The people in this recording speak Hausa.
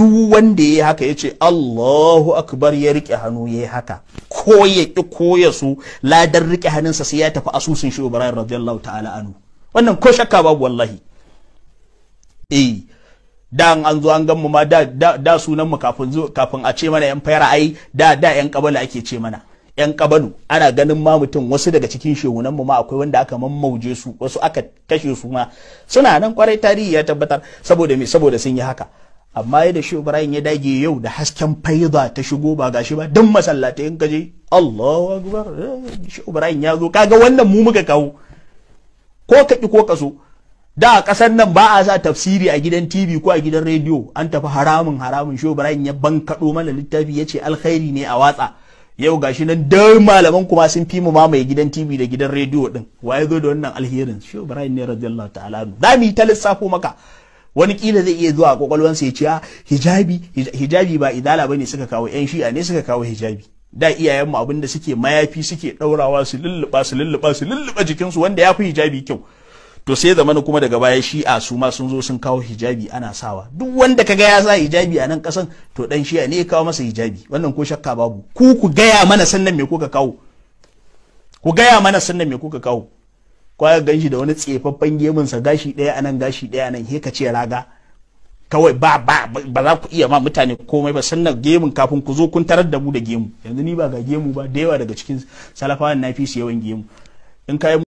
duk wanda ya yi haka ya ce Allahu akbar ya rike hannu ya yi haka ko ya ki ko ya su Ladan rike hannunsa sai ya tafi asusun shi Ibrahim radiyallahu ta'ala anu wannan ko shakka babu wallahi eh da an zo an gan ma da da sunan mu kafin kafin a ce mana yan fayar ai da da yan kabala ake ce mana yan kabanu ana ganin ma mutum wasu daga cikin shehunan mu ma akwai wanda aka mammauje su wasu aka kashe su ma suna nan kwarai tarihi ya tabbatar saboda me saboda sun yi haka amma yadda shi ibrahim ya dage yau da hasken faiza ta shigo ba gashi ba don masallata yin kaje Allahu akbar eh, shi ibrahim ya zo kaga wannan mu muka kawo ko ka ko ka so da a kasar nan ba a sa tafsiri a gidan TV ko a gidan rediyo an tafi haramun haramun shi ibrahim ya bankado mana littafi ya ce alkhairi ne a watsa yau gashi nan dai malaman kuma sun fi mu mamaye gidan TV da gidan rediyo din ya zo da wannan alherin shi ibrahim ne radiyallahu ta'ala mu yi ta lissafo maka wani kila zai iya zuwa kwakwalwansa ya ce ah, hijabi hijabi ba idala bane suka kawo yan shi'a ne suka kawo hijabi da iyayenmu abin da suke mayafi suke daurawa su lulluba su lulluba su lulluba jikinsu wanda ya fi hijabi kyau to sai zamana kuma daga baya shi'a su ma sun zo sun kawo hijabi ana sawa duk wanda kaga ya sa hijabi a nan kasan to dan shi'a ne ya kawo masa hijabi wannan ko shakka babu ku ku gaya mana sannan me kuka kawo ku gaya mana sannan me kuka kawo ko gan shi da wani tsefaffen gemun sa gashi ɗaya anan gashi ɗaya anan he ka ce raga kawai ba ba ba za ku iya ma mutane komai ba sannan gemun kafin ku zo kun tarar da mu da gemu yanzu ni ba ga gemu ba da yawa daga cikin salafawan na fi yawan gemu in kai